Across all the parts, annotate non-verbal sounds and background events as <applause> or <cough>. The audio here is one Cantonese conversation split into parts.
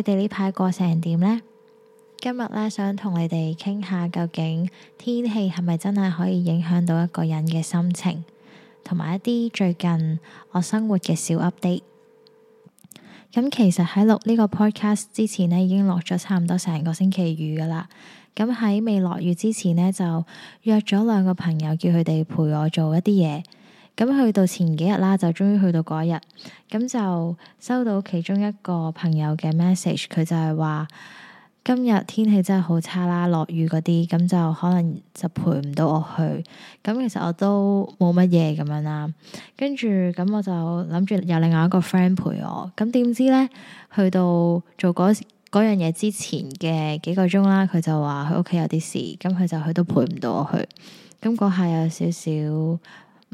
你哋呢排過成點呢？今日咧想同你哋傾下，究竟天氣係咪真係可以影響到一個人嘅心情，同埋一啲最近我生活嘅小 update。咁其實喺錄呢個 podcast 之前呢，已經落咗差唔多成個星期雨噶啦。咁喺未落雨之前呢，就約咗兩個朋友，叫佢哋陪我做一啲嘢。咁去到前幾日啦，就終於去到嗰日，咁就收到其中一個朋友嘅 message，佢就係話今日天,天氣真係好差啦，落雨嗰啲，咁就可能就陪唔到我去。咁其實我都冇乜嘢咁樣啦。跟住咁我就諗住有另外一個 friend 陪我。咁點知咧，去到做嗰嗰樣嘢之前嘅幾個鐘啦，佢就話佢屋企有啲事，咁佢就去都陪唔到我去。咁嗰下有少少。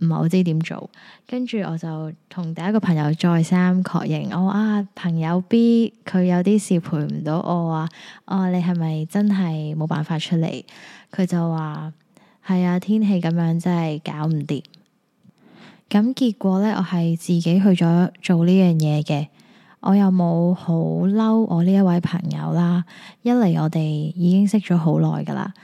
唔係好知點做。跟住我就同第一個朋友再三確認，我、哦、啊，朋友 B 佢有啲事陪唔到我啊，我、哦、你係咪真係冇辦法出嚟？佢就話係啊，天氣咁樣真係搞唔掂。咁結果咧，我係自己去咗做呢樣嘢嘅，我又冇好嬲我呢一位朋友啦。一嚟我哋已經識咗好耐噶啦，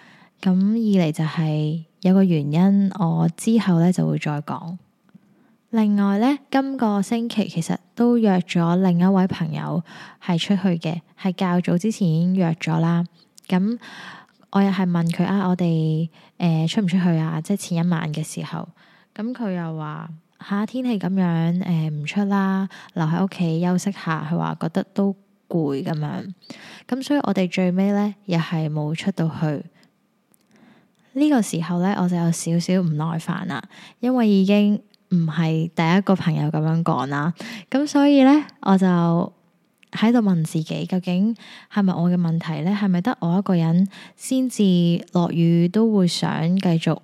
咁二嚟就係、是。有個原因，我之後咧，就會再講。另外咧，今、這個星期其實都約咗另一位朋友係出去嘅，係較早之前已經約咗啦。咁我又係問佢啊，我哋誒、呃、出唔出去啊？即係前一晚嘅時候，咁佢又話吓，天氣咁樣誒唔、呃、出啦，留喺屋企休息下。佢話覺得都攰咁樣，咁所以我哋最尾咧，又係冇出到去。呢個時候咧，我就有少少唔耐煩啦，因為已經唔係第一個朋友咁樣講啦，咁所以咧，我就喺度問自己，究竟係咪我嘅問題咧？係咪得我一個人先至落雨都會想繼續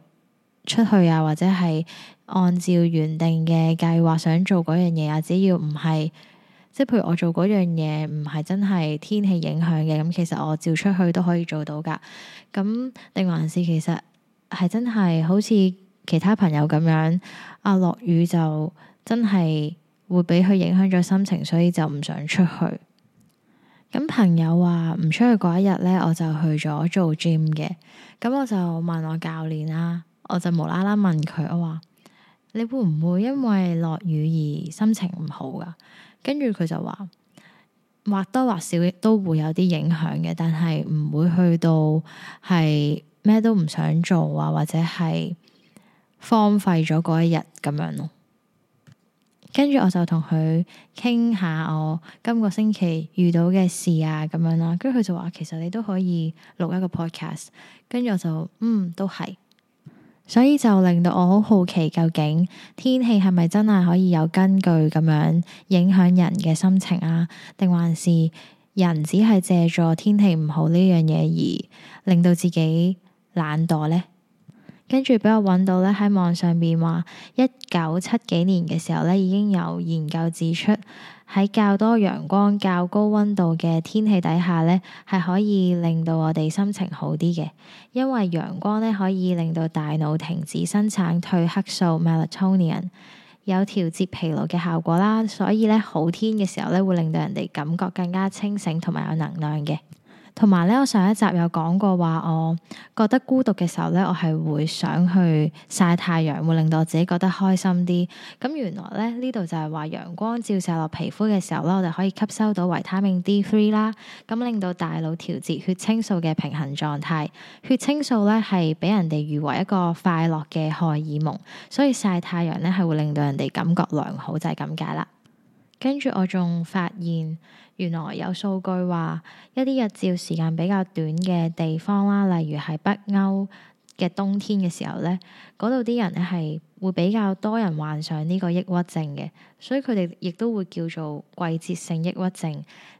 出去啊？或者係按照原定嘅計劃想做嗰樣嘢啊？只要唔係。即係譬如我做嗰樣嘢唔係真係天氣影響嘅，咁其實我照出去都可以做到噶。咁定還是其實係真係好似其他朋友咁樣啊，落雨就真係會俾佢影響咗心情，所以就唔想出去。咁朋友話唔出去嗰一日咧，我就去咗做 gym 嘅。咁我就問我教練啦、啊，我就無啦啦問佢，我話你會唔會因為落雨而心情唔好噶？跟住佢就話，或多或少都會有啲影響嘅，但係唔會去到係咩都唔想做啊，或者係荒廢咗嗰一日咁樣咯。跟住我就同佢傾下我今個星期遇到嘅事啊，咁樣咯。跟住佢就話，其實你都可以錄一個 podcast。跟住我就嗯，都係。所以就令到我好好奇，究竟天氣係咪真係可以有根據咁樣影響人嘅心情啊？定還是人只係借助天氣唔好呢樣嘢而令到自己懶惰咧？跟住俾我揾到咧喺網上邊話，一九七幾年嘅時候咧已經有研究指出，喺較多陽光、較高溫度嘅天氣底下咧，係可以令到我哋心情好啲嘅。因為陽光咧可以令到大腦停止生產褪黑素 （melatonin），有調節疲勞嘅效果啦，所以咧好天嘅時候咧會令到人哋感覺更加清醒同埋有能量嘅。同埋咧，我上一集有講過話，我覺得孤獨嘅時候咧，我係會想去晒太陽，會令到自己覺得開心啲。咁原來咧呢度就係話，陽光照射落皮膚嘅時候咧，我哋可以吸收到維他命 D3 啦。咁令到大腦調節血清素嘅平衡狀態。血清素咧係俾人哋譽為一個快樂嘅荷爾蒙，所以晒太陽咧係會令到人哋感覺良好，就係咁解啦。跟住我仲發現，原來有數據話，一啲日照時間比較短嘅地方啦，例如係北歐嘅冬天嘅時候咧，嗰度啲人咧係會比較多人患上呢個抑鬱症嘅，所以佢哋亦都會叫做季節性抑鬱症，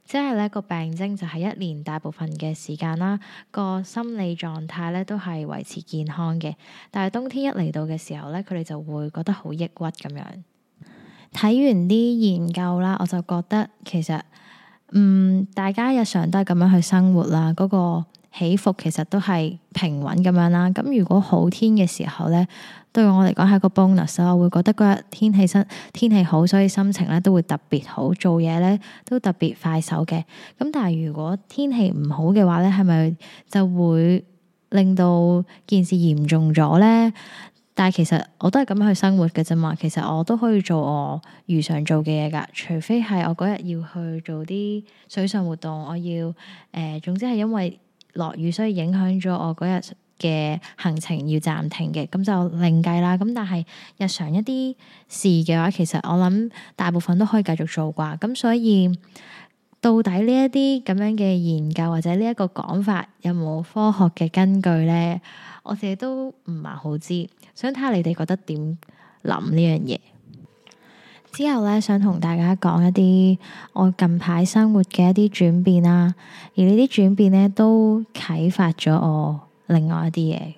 即係咧個病徵就係一年大部分嘅時間啦，個心理狀態咧都係維持健康嘅，但係冬天一嚟到嘅時候咧，佢哋就會覺得好抑鬱咁樣。睇完啲研究啦，我就覺得其實，嗯，大家日常都係咁樣去生活啦，嗰個起伏其實都係平穩咁樣啦。咁如果好天嘅時候呢，對我嚟講係一個 bonus，我會覺得嗰日天氣新，天氣好，所以心情咧都會特別好，做嘢咧都特別快手嘅。咁但係如果天氣唔好嘅話咧，係咪就會令到件事嚴重咗呢？但係其實我都係咁樣去生活嘅啫嘛，其實我都可以做我如常做嘅嘢㗎，除非係我嗰日要去做啲水上活動，我要誒、呃，總之係因為落雨，所以影響咗我嗰日嘅行程要暫停嘅，咁就另計啦。咁但係日常一啲事嘅話，其實我諗大部分都可以繼續做啩。咁所以到底呢一啲咁樣嘅研究或者呢一個講法有冇科學嘅根據呢？我自己都唔係好知，想睇下你哋覺得點諗呢樣嘢。之後咧，想同大家講一啲我近排生活嘅一啲轉變啦，啊，而呢啲轉變咧都啟發咗我另外一啲嘢。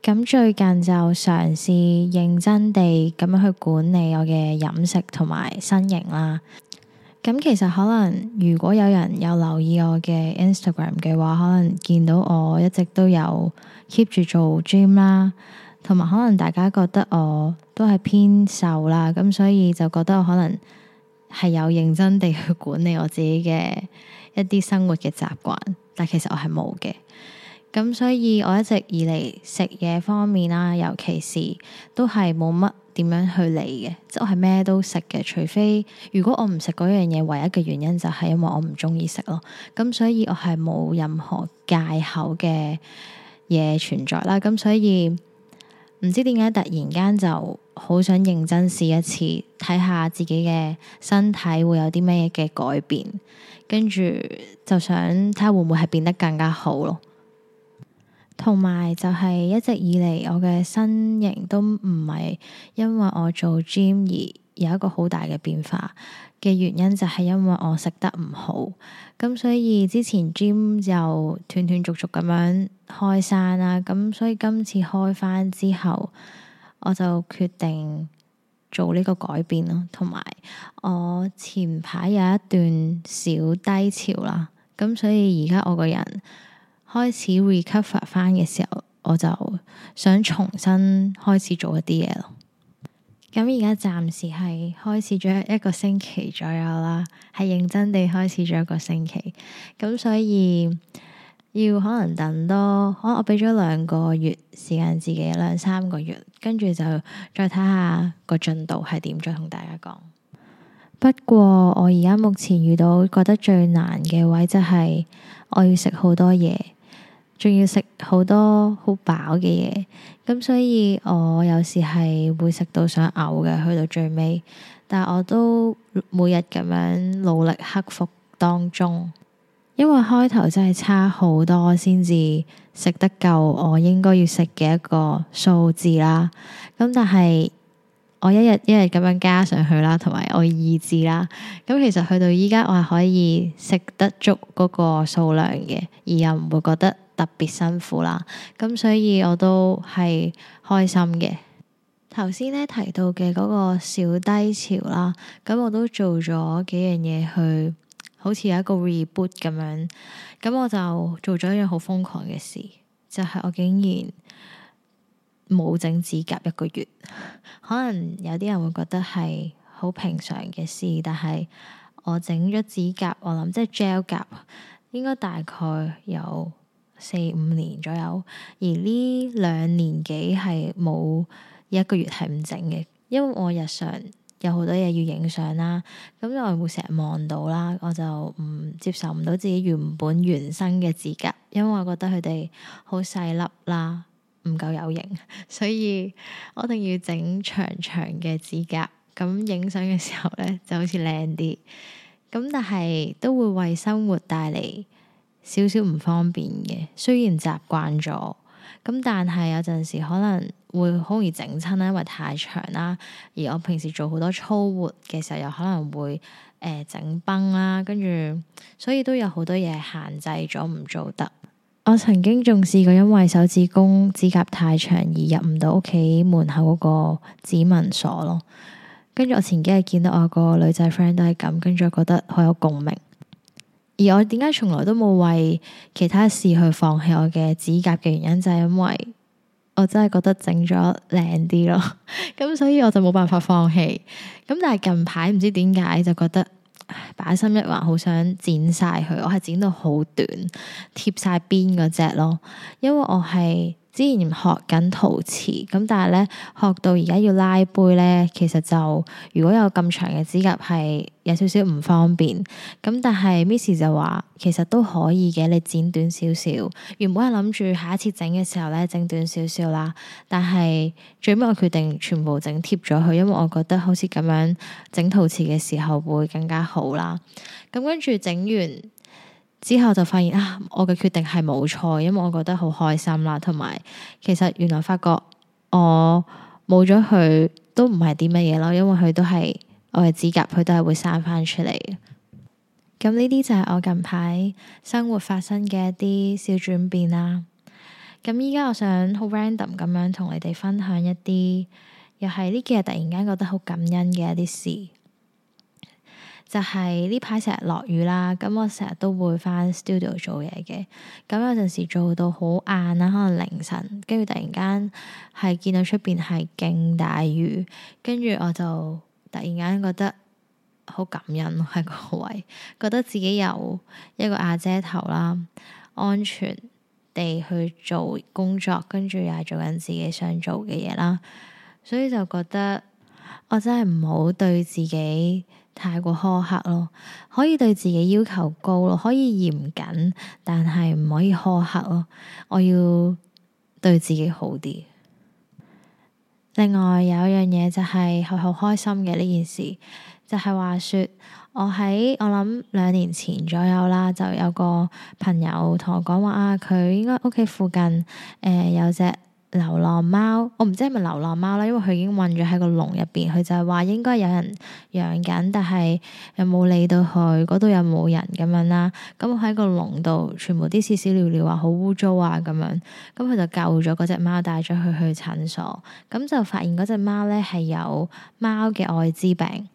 咁最近就嘗試認真地咁樣去管理我嘅飲食同埋身形啦。咁其實可能，如果有人有留意我嘅 Instagram 嘅話，可能見到我一直都有 keep 住做 gym 啦，同埋可能大家覺得我都係偏瘦啦，咁所以就覺得我可能係有認真地去管理我自己嘅一啲生活嘅習慣，但其實我係冇嘅。咁所以我一直以嚟食嘢方面啦，尤其是都係冇乜點樣去嚟嘅？即係我係咩都食嘅，除非如果我唔食嗰樣嘢，唯一嘅原因就係因為我唔中意食咯。咁、嗯、所以我係冇任何戒口嘅嘢存在啦。咁、嗯、所以唔知點解突然間就好想認真試一次，睇下自己嘅身體會有啲咩嘅改變，跟住就想睇下會唔會係變得更加好咯。同埋就係一直以嚟我嘅身形都唔係因為我做 gym 而有一個好大嘅變化嘅原因就係因為我食得唔好，咁所以之前 gym 又斷斷續續咁樣開山啦，咁所以今次開返之後，我就決定做呢個改變咯，同埋我前排有一段小低潮啦，咁所以而家我個人，開始 recover 翻嘅時候，我就想重新開始做一啲嘢咯。咁而家暫時係開始咗一個星期左右啦，係認真地開始咗一個星期。咁所以要可能等多，可能我俾咗兩個月時間自己，兩三個月，跟住就再睇下個進度係點，再同大家講。不過我而家目前遇到覺得最難嘅位，就係我要食好多嘢。仲要食好多好飽嘅嘢，咁所以我有時係會食到想嘔嘅，去到最尾。但係我都每日咁樣努力克服當中，因為開頭真係差好多先至食得夠我應該要食嘅一個數字啦。咁但係我一日一日咁樣加上去啦，同埋我意志啦。咁其實去到依家我係可以食得足嗰個數量嘅，而又唔會覺得特別辛苦啦，咁所以我都係開心嘅。頭先咧提到嘅嗰個小低潮啦，咁我都做咗幾樣嘢去，好似有一個 reboot 咁樣。咁我就做咗一樣好瘋狂嘅事，就係我竟然冇整指甲一個月。可能有啲人會覺得係好平常嘅事，但係我整咗指甲，我諗即係 gel 甲，應該大概有。四五年左右，而呢兩年幾係冇一個月係唔整嘅，因為我日常有好多嘢要影相啦，咁我會成日望到啦，我就唔接受唔到自己原本原生嘅指甲，因為我覺得佢哋好細粒啦，唔夠有型，所以我一定要整長長嘅指甲，咁影相嘅時候呢，就好似靚啲，咁但係都會為生活帶嚟，少少唔方便嘅，雖然習慣咗，咁但係有陣時可能會好容易整親啦，因為太長啦。而我平時做好多粗活嘅時候，又可能會誒整，呃、崩啦，跟住所以都有好多嘢限製咗唔做得。我曾經仲試過，因為手指公指甲太長而入唔到屋企門口嗰個指紋鎖咯。跟住我前幾日見到我個女仔 friend 都係咁，跟住覺得好有共鳴。而我點解從來都冇為其他事去放棄我嘅指甲嘅原因就係因為我真係覺得整咗靚啲咯， <laughs> 咁所以我就冇辦法放棄。咁但係近排唔知點解就覺得唉，把心一橫，好想剪晒佢。我係剪到好短，貼晒邊嗰隻咯，因為我係。之前學緊陶瓷，咁但係咧學到而家要拉杯咧，其實就如果有咁長嘅指甲係有少少唔方便。咁但係 Miss 就話其實都可以嘅，你剪短少少。原本係諗住下一次整嘅時候咧，整短少少啦。但係最尾我決定全部整貼咗佢，因為我覺得好似咁樣整陶瓷嘅時候會更加好啦。咁跟住整完。之後就發現啊，我嘅決定係冇錯，因為我覺得好開心啦，同埋其實原來發覺我冇咗佢都唔係啲乜嘢咯，因為佢都係我嘅指甲，佢都係會生翻出嚟嘅。咁呢啲就係我近排生活發生嘅一啲小轉變啦。咁依家我想好 random 咁樣同你哋分享一啲，又係呢幾日突然間覺得好感恩嘅一啲事。就係呢排成日落雨啦，咁我成日都會翻 studio 做嘢嘅。咁有陣時做到好晏啦，可能凌晨，跟住突然間係見到出邊係勁大雨，跟住我就突然間覺得好感恩喺、啊、個位，覺得自己有一個瓦遮頭啦，安全地去做工作，跟住又係做緊自己想做嘅嘢啦，所以就覺得我真係唔好對自己。太過苛刻咯，可以對自己要求高咯，可以嚴謹，但係唔可以苛刻咯。我要對自己好啲。另外有一樣嘢就係好好開心嘅呢件事，就係話說我喺我諗兩年前左右啦，就有個朋友同我講話啊，佢應該屋企附近誒、呃、有隻。流浪貓，我唔知係咪流浪貓啦，因為佢已經困咗喺個籠入邊。佢就係話應該有人養緊，但係又冇理到佢，嗰度又冇人咁樣啦。咁喺個籠度，全部啲屎屎尿尿啊，好污糟啊咁樣。咁佢就救咗嗰隻貓，帶咗佢去診所。咁就發現嗰隻貓咧係有貓嘅愛滋病。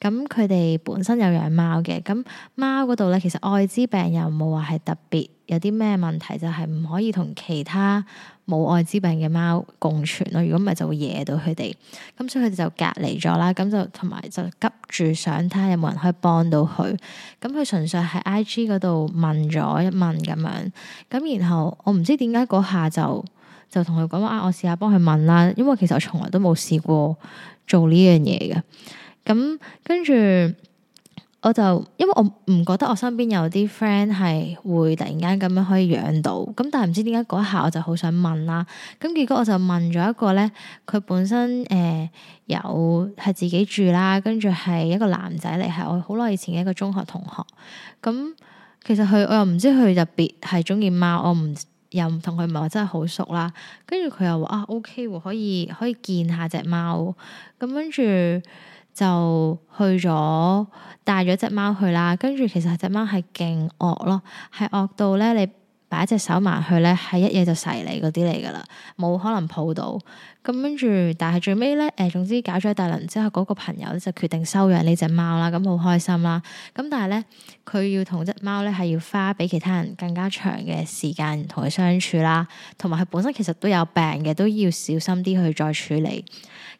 咁佢哋本身有養貓嘅，咁貓嗰度咧，其實艾滋病又冇話係特別有啲咩問題，就係唔可以同其他冇艾滋病嘅貓共存咯。如果唔係，就會惹到佢哋。咁所以佢哋就隔離咗啦。咁就同埋就急住想睇下有冇人可以幫到佢。咁佢純粹喺 I G 嗰度問咗一問咁樣。咁然後我唔知點解嗰下就就同佢講話啊，我試下幫佢問啦。因為其實我從來都冇試過做呢樣嘢嘅。咁跟住，我就因為我唔覺得我身邊有啲 friend 係會突然間咁樣可以養到，咁但係唔知點解嗰一下我就好想問啦。咁結果我就問咗一個咧，佢本身誒、呃、有係自己住啦，跟住係一個男仔嚟，係我好耐以前嘅一個中學同學。咁其實佢我又唔知佢特別係鍾意貓，我唔又唔同佢唔係話真係好熟啦。跟住佢又話啊，OK 可以可以見下隻貓，咁跟住。就去咗，帶咗隻貓去啦。跟着其實隻貓係勁惡咯，係惡到咧你。擺一隻手埋去咧，係一嘢就噬你嗰啲嚟噶啦，冇可能抱到。咁跟住，但係最尾咧，誒，總之搞咗一大輪之後，嗰個朋友就決定收養呢隻貓啦，咁好開心啦。咁但係咧，佢要同隻貓咧係要花比其他人更加長嘅時間同佢相處啦，同埋佢本身其實都有病嘅，都要小心啲去再處理。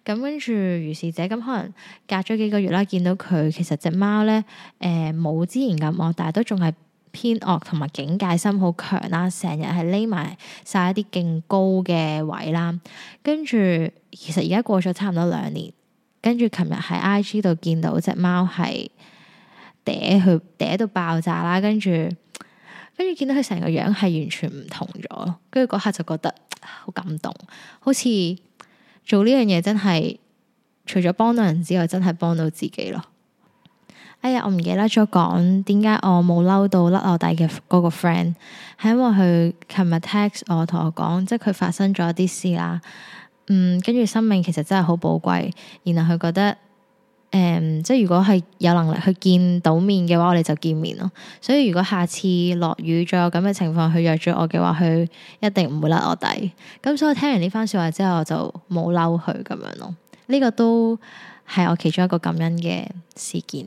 咁跟住，如是者咁可能隔咗幾個月啦，見到佢其實隻貓咧，誒，冇之前咁惡，但係都仲係。偏惡同埋警戒心好強啦，成日係匿埋晒一啲勁高嘅位啦，跟住其實而家過咗差唔多兩年，跟住琴日喺 IG 度見到隻貓係嗲佢嗲到爆炸啦，跟住跟住見到佢成個樣係完全唔同咗，跟住嗰刻就覺得好感動，好似做呢樣嘢真係除咗幫到人之外，真係幫到自己咯。哎呀，我唔記得咗講點解我冇嬲到甩我底嘅嗰個 friend，係因為佢琴日 text 我同我講，即係佢發生咗一啲事啦。嗯，跟住生命其實真係好寶貴，然後佢覺得誒、嗯，即係如果係有能力去見到面嘅話，我哋就見面咯。所以如果下次落雨，再有咁嘅情況，佢約咗我嘅話，佢一定唔會甩我底。咁所以我聽完呢番說話之後，我就冇嬲佢咁樣咯。呢、呢個都係我其中一個感恩嘅事件。